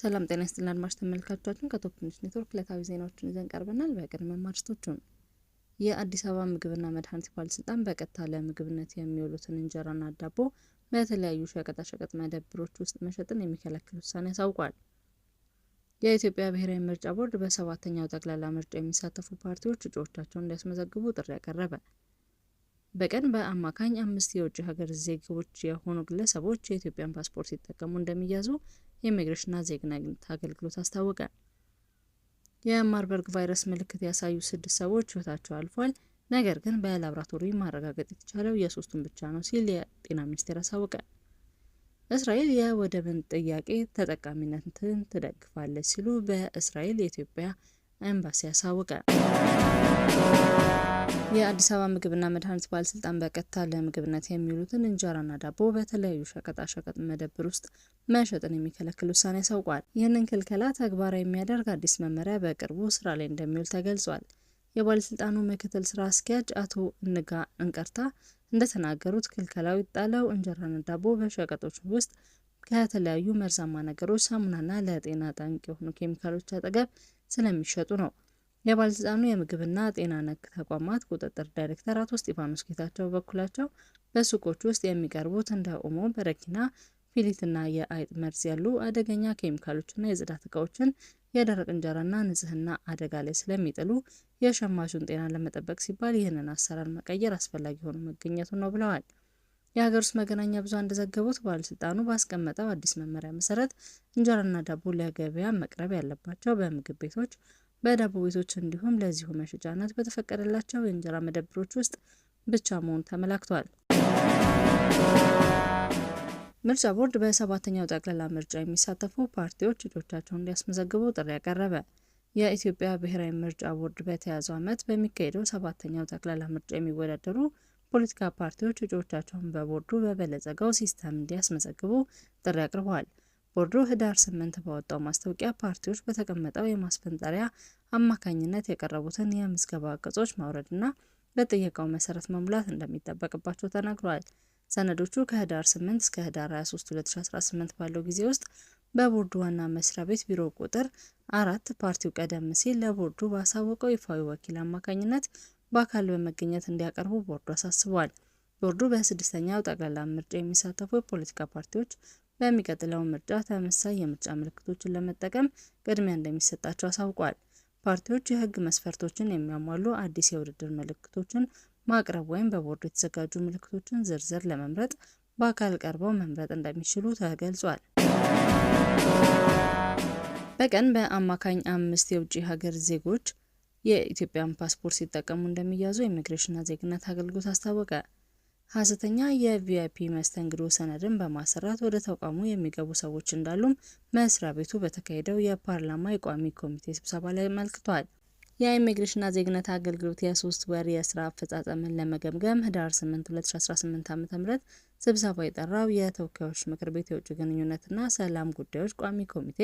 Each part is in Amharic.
ሰላም ጤና ይስጥልን አድማጭ ተመልካቾቻችን፣ ከቶፕ ኒውስ ኔትወርክ ዕለታዊ ዜናዎችን ይዘን ቀርበናል። በቅድመ ማርዕስቶቹን የአዲስ አበባ ምግብና መድኃኒት ባለስልጣን በቀጥታ ለምግብነት የሚውሉትን እንጀራና ዳቦ በተለያዩ ሸቀጣሸቀጥ መደብሮች ውስጥ መሸጥን የሚከለክል ውሳኔ አሳውቋል። የኢትዮጵያ ብሔራዊ ምርጫ ቦርድ በሰባተኛው ጠቅላላ ምርጫ የሚሳተፉ ፓርቲዎች እጩዎቻቸውን እንዲያስመዘግቡ ጥሪ አቀረበ። በቀን በአማካኝ አምስት የውጭ ሀገር ዜጎች የሆኑ ግለሰቦች የኢትዮጵያን ፓስፖርት ሲጠቀሙ እንደሚያዙ የኢሚግሬሽንና ዜግነት አገልግሎት አስታወቀ። የማርበርግ ቫይረስ ምልክት ያሳዩ ስድስት ሰዎች ህይወታቸው አልፏል፣ ነገር ግን በላብራቶሪ ማረጋገጥ የተቻለው የሶስቱን ብቻ ነው ሲል የጤና ሚኒስቴር አሳወቀ። እስራኤል የወደብን ጥያቄ ተጠቃሚነትን ትደግፋለች ሲሉ በእስራኤል የኢትዮጵያ ኤምባሲ አሳወቀ። የአዲስ አበባ ምግብና መድኃኒት ባለስልጣን በቀጥታ ለምግብነት የሚውሉትን እንጀራና ዳቦ በተለያዩ ሸቀጣሸቀጥ መደብር ውስጥ መሸጥን የሚከለክል ውሳኔ አሳውቋል። ይህንን ክልከላ ተግባራዊ የሚያደርግ አዲስ መመሪያ በቅርቡ ስራ ላይ እንደሚውል ተገልጿል። የባለስልጣኑ ምክትል ስራ አስኪያጅ አቶ እንጋ እንቀርታ እንደተናገሩት ክልከላው ይጣለው እንጀራና ዳቦ በሸቀጦች ውስጥ ከተለያዩ መርዛማ ነገሮች፣ ሳሙናና ለጤና ጠንቅ የሆኑ ኬሚካሎች አጠገብ ስለሚሸጡ ነው። የባለስልጣኑ የምግብና ጤና ነክ ተቋማት ቁጥጥር ዳይሬክተር አቶ እስጢፋኖስ ጌታቸው በበኩላቸው በሱቆች ውስጥ የሚቀርቡት እንደ ኦሞ፣ በረኪና፣ ፊሊትና የአይጥ መርዝ ያሉ አደገኛ ኬሚካሎችና የጽዳት እቃዎችን የደረቅ እንጀራና ንጽህና አደጋ ላይ ስለሚጥሉ የሸማቹን ጤና ለመጠበቅ ሲባል ይህንን አሰራር መቀየር አስፈላጊ ሆኖ መገኘቱ ነው ብለዋል። የሀገር ውስጥ መገናኛ ብዙ እንደዘገቡት ባለስልጣኑ ባስቀመጠው አዲስ መመሪያ መሰረት እንጀራና ዳቦ ለገበያ መቅረብ ያለባቸው በምግብ ቤቶች፣ በዳቦ ቤቶች እንዲሁም ለዚሁ መሸጫነት በተፈቀደላቸው የእንጀራ መደብሮች ውስጥ ብቻ መሆኑ ተመላክቷል። ምርጫ ቦርድ በሰባተኛው ጠቅላላ ምርጫ የሚሳተፉ ፓርቲዎች እጩዎቻቸውን እንዲያስመዘግቡ ጥሪ ያቀረበ። የኢትዮጵያ ብሔራዊ ምርጫ ቦርድ በተያዘው ዓመት በሚካሄደው ሰባተኛው ጠቅላላ ምርጫ የሚወዳደሩ ፖለቲካ ፓርቲዎች እጩዎቻቸውን በቦርዱ በበለጸገው ሲስተም እንዲያስመዘግቡ ጥሪ አቅርበዋል። ቦርዱ ህዳር ስምንት ባወጣው ማስታወቂያ ፓርቲዎች በተቀመጠው የማስፈንጠሪያ አማካኝነት የቀረቡትን የምዝገባ ገጾች ማውረድና በጥየቃው መሰረት መሙላት እንደሚጠበቅባቸው ተናግሯል። ሰነዶቹ ከህዳር 8 እስከ ህዳር 23 2018 ባለው ጊዜ ውስጥ በቦርዱ ዋና መስሪያ ቤት ቢሮ ቁጥር አራት ፓርቲው ቀደም ሲል ለቦርዱ ባሳወቀው ይፋዊ ወኪል አማካኝነት በአካል በመገኘት እንዲያቀርቡ ቦርዱ አሳስቧል። ቦርዱ በስድስተኛው ጠቅላላ ምርጫ የሚሳተፉ የፖለቲካ ፓርቲዎች በሚቀጥለው ምርጫ ተመሳሳይ የምርጫ ምልክቶችን ለመጠቀም ቅድሚያ እንደሚሰጣቸው አሳውቋል። ፓርቲዎች የህግ መስፈርቶችን የሚያሟሉ አዲስ የውድድር ምልክቶችን ማቅረብ ወይም በቦርዱ የተዘጋጁ ምልክቶችን ዝርዝር ለመምረጥ በአካል ቀርበው መምረጥ እንደሚችሉ ተገልጿል። በቀን በአማካኝ አምስት የውጭ ሀገር ዜጎች የኢትዮጵያን ፓስፖርት ሲጠቀሙ እንደሚያዙ የኢሚግሬሽንና ዜግነት አገልግሎት አስታወቀ። ሀሰተኛ የቪአይፒ መስተንግዶ ሰነድን በማሰራት ወደ ተቋሙ የሚገቡ ሰዎች እንዳሉም መስሪያ ቤቱ በተካሄደው የፓርላማ የቋሚ ኮሚቴ ስብሰባ ላይ አመልክቷል። የኢሚግሬሽንና ዜግነት አገልግሎት የሶስት ወር የስራ አፈጻጸምን ለመገምገም ህዳር 8 2018 ዓ ም ስብሰባ የጠራው የተወካዮች ምክር ቤት የውጭ ግንኙነትና ሰላም ጉዳዮች ቋሚ ኮሚቴ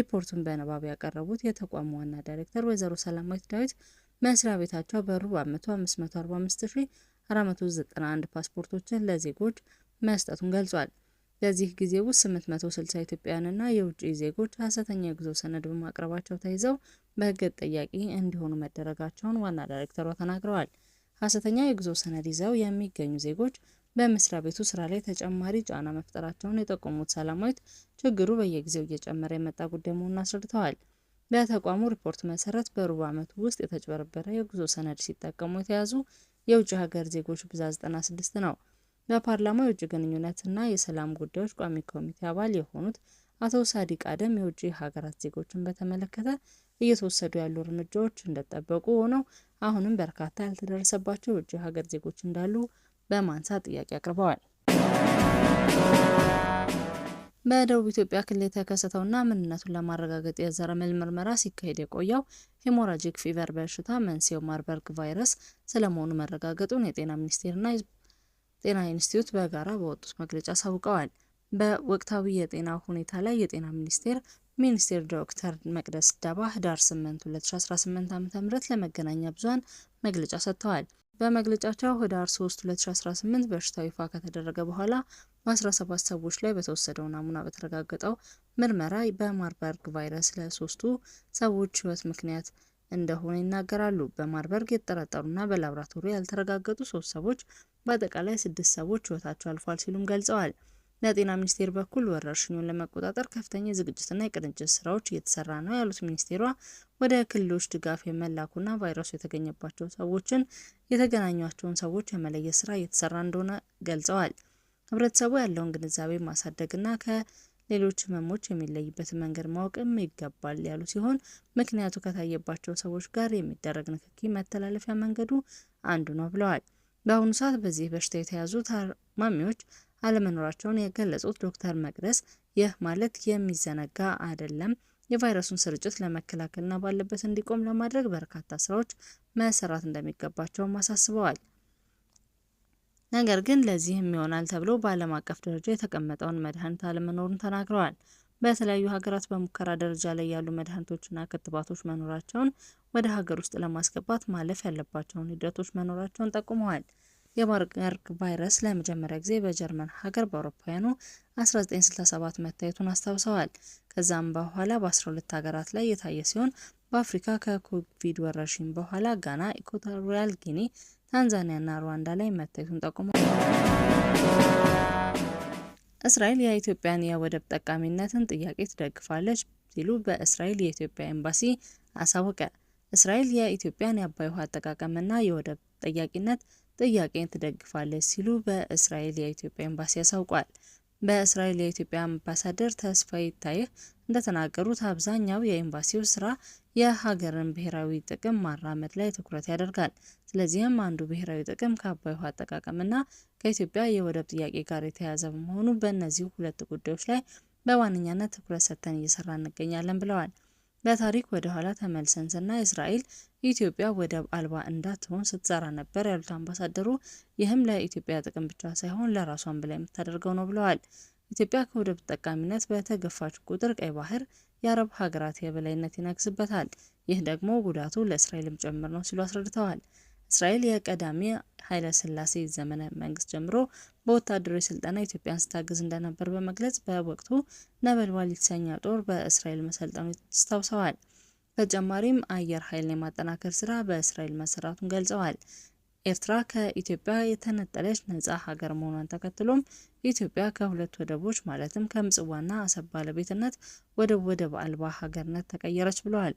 ሪፖርቱን በንባብ ያቀረቡት የተቋሙ ዋና ዳይሬክተር ወይዘሮ ሰላማዊት ዳዊት መስሪያ ቤታቸው በሩብ ዓመቱ 491 ፓስፖርቶችን ለዜጎች መስጠቱን ገልጿል። በዚህ ጊዜ ውስጥ 860 ኢትዮጵያውያንና የውጭ ዜጎች ሀሰተኛ የጉዞ ሰነድ በማቅረባቸው ተይዘው በሕግ ተጠያቂ እንዲሆኑ መደረጋቸውን ዋና ዳይሬክተሯ ተናግረዋል። ሀሰተኛ የጉዞ ሰነድ ይዘው የሚገኙ ዜጎች በመስሪያ ቤቱ ስራ ላይ ተጨማሪ ጫና መፍጠራቸውን የጠቆሙት ሰላማዊት ችግሩ በየጊዜው እየጨመረ የመጣ ጉዳይ መሆኑን አስረድተዋል። በተቋሙ ሪፖርት መሰረት በሩብ ዓመቱ ውስጥ የተጭበረበረ የጉዞ ሰነድ ሲጠቀሙ የተያዙ የውጭ ሀገር ዜጎች ብዛት 96 ነው። በፓርላማው የውጭ ግንኙነትና የሰላም ጉዳዮች ቋሚ ኮሚቴ አባል የሆኑት አቶ ሳዲቅ አደም የውጭ ሀገራት ዜጎችን በተመለከተ እየተወሰዱ ያሉ እርምጃዎች እንደጠበቁ ሆነው አሁንም በርካታ ያልተደረሰባቸው የውጭ ሀገር ዜጎች እንዳሉ በማንሳት ጥያቄ አቅርበዋል። በደቡብ ኢትዮጵያ ክልል የተከሰተውና ምንነቱን ለማረጋገጥ የዘረመል ምርመራ ሲካሄድ የቆየው ሄሞራጂክ ፊቨር በሽታ መንስኤው ማርበርግ ቫይረስ ስለመሆኑ መረጋገጡን የጤና ሚኒስቴርና ጤና ኢንስቲትዩት በጋራ በወጡት መግለጫ አሳውቀዋል። በወቅታዊ የጤና ሁኔታ ላይ የጤና ሚኒስቴር ሚኒስቴር ዶክተር መቅደስ ዳባ ህዳር 8 2018 ዓ.ም ለመገናኛ ብዙሀን መግለጫ ሰጥተዋል። በመግለጫቸው ህዳር 3 2018 በሽታው ይፋ ከተደረገ በኋላ በ17 ሰዎች ላይ በተወሰደው ናሙና በተረጋገጠው ምርመራ በማርበርግ ቫይረስ ለሶስቱ ሰዎች ህይወት ምክንያት እንደሆነ ይናገራሉ። በማርበርግ የተጠረጠሩና በላብራቶሪ ያልተረጋገጡ ሶስት ሰዎች በአጠቃላይ ስድስት ሰዎች ህይወታቸው አልፏል ሲሉም ገልጸዋል። ለጤና ሚኒስቴር በኩል ወረርሽኙን ለመቆጣጠር ከፍተኛ የዝግጅትና የቅንጅት ስራዎች እየተሰራ ነው ያሉት ሚኒስቴሯ ወደ ክልሎች ድጋፍ የመላኩና ቫይረሱ የተገኘባቸው ሰዎችን የተገናኟቸውን ሰዎች የመለየት ስራ እየተሰራ እንደሆነ ገልጸዋል። ህብረተሰቡ ያለውን ግንዛቤ ማሳደግና ከሌሎች ህመሞች የሚለይበት መንገድ ማወቅም ይገባል ያሉ ሲሆን ምክንያቱ ከታየባቸው ሰዎች ጋር የሚደረግ ንክኪ መተላለፊያ መንገዱ አንዱ ነው ብለዋል። በአሁኑ ሰዓት በዚህ በሽታ የተያዙ ታማሚዎች አለመኖራቸውን የገለጹት ዶክተር መቅደስ ይህ ማለት የሚዘነጋ አይደለም፣ የቫይረሱን ስርጭት ለመከላከልና ባለበት እንዲቆም ለማድረግ በርካታ ስራዎች መሰራት እንደሚገባቸውም አሳስበዋል። ነገር ግን ለዚህም ይሆናል ተብሎ በዓለም አቀፍ ደረጃ የተቀመጠውን መድኃኒት አለመኖሩን ተናግረዋል። በተለያዩ ሀገራት በሙከራ ደረጃ ላይ ያሉ መድኃኒቶችና ክትባቶች መኖራቸውን ወደ ሀገር ውስጥ ለማስገባት ማለፍ ያለባቸውን ሂደቶች መኖራቸውን ጠቁመዋል። የማርበርግ ቫይረስ ለመጀመሪያ ጊዜ በጀርመን ሀገር በአውሮፓውያኑ 1967 መታየቱን አስታውሰዋል። ከዛም በኋላ በ12 ሀገራት ላይ የታየ ሲሆን በአፍሪካ ከኮቪድ ወረርሽኝ በኋላ ጋና፣ ኢኳቶሪያል ጊኒ፣ ታንዛኒያና ሩዋንዳ ላይ መታየቱን ጠቁሟል። እስራኤል የኢትዮጵያን የወደብ ጠቃሚነትን ጥያቄ ትደግፋለች ሲሉ በእስራኤል የኢትዮጵያ ኤምባሲ አሳወቀ። እስራኤል የኢትዮጵያን የአባይ ውሃ አጠቃቀምና የወደብ ጠያቂነት ጥያቄን ትደግፋለች ሲሉ በእስራኤል የኢትዮጵያ ኤምባሲ አሳውቋል። በእስራኤል የኢትዮጵያ አምባሳደር ተስፋዬ ታዬህ እንደተናገሩት አብዛኛው የኤምባሲው ስራ የሀገርን ብሔራዊ ጥቅም ማራመድ ላይ ትኩረት ያደርጋል። ስለዚህም አንዱ ብሔራዊ ጥቅም ከአባይ ውሃ አጠቃቀምና ከኢትዮጵያ የወደብ ጥያቄ ጋር የተያያዘ በመሆኑ በእነዚህ ሁለት ጉዳዮች ላይ በዋነኛነት ትኩረት ሰጥተን እየሰራ እንገኛለን ብለዋል። በታሪክ ወደ ኋላ ተመልሰን ስናይ እስራኤል ኢትዮጵያ ወደብ አልባ እንዳትሆን ስትሰራ ነበር ያሉት አምባሳደሩ ይህም ለኢትዮጵያ ጥቅም ብቻ ሳይሆን ለራሷን ብላ የምታደርገው ነው ብለዋል። ኢትዮጵያ ከወደብ ተጠቃሚነት በተገፋች ቁጥር ቀይ ባህር የአረብ ሀገራት የበላይነት ይነግስበታል። ይህ ደግሞ ጉዳቱ ለእስራኤልም ጭምር ነው ሲሉ አስረድተዋል። እስራኤል የቀዳሚ ኃይለ ዘመነ መንግስት ጀምሮ በወታደራዊ ስልጠና ኢትዮጵያን ስታግዝ እንደነበር በመግለጽ በወቅቱ ነበልባል የተሰኘ ጦር በእስራኤል መሰልጠኑ አስታውሰዋል። በተጨማሪም አየር ኃይልን የማጠናከር ስራ በእስራኤል መሰራቱን ገልጸዋል። ኤርትራ ከኢትዮጵያ የተነጠለች ነጻ ሀገር መሆኗን ተከትሎም ኢትዮጵያ ከሁለት ወደቦች ማለትም ከምጽዋና አሰብ ባለቤትነት ወደ ወደብ አልባ ሀገርነት ተቀየረች ብለዋል።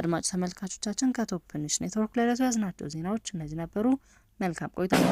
አድማጭ ተመልካቾቻችን ከቶፕንሽ ኔትወርክ ለዕለቱ ያዝናቸው ዜናዎች እነዚህ ነበሩ። Nalkap koytan.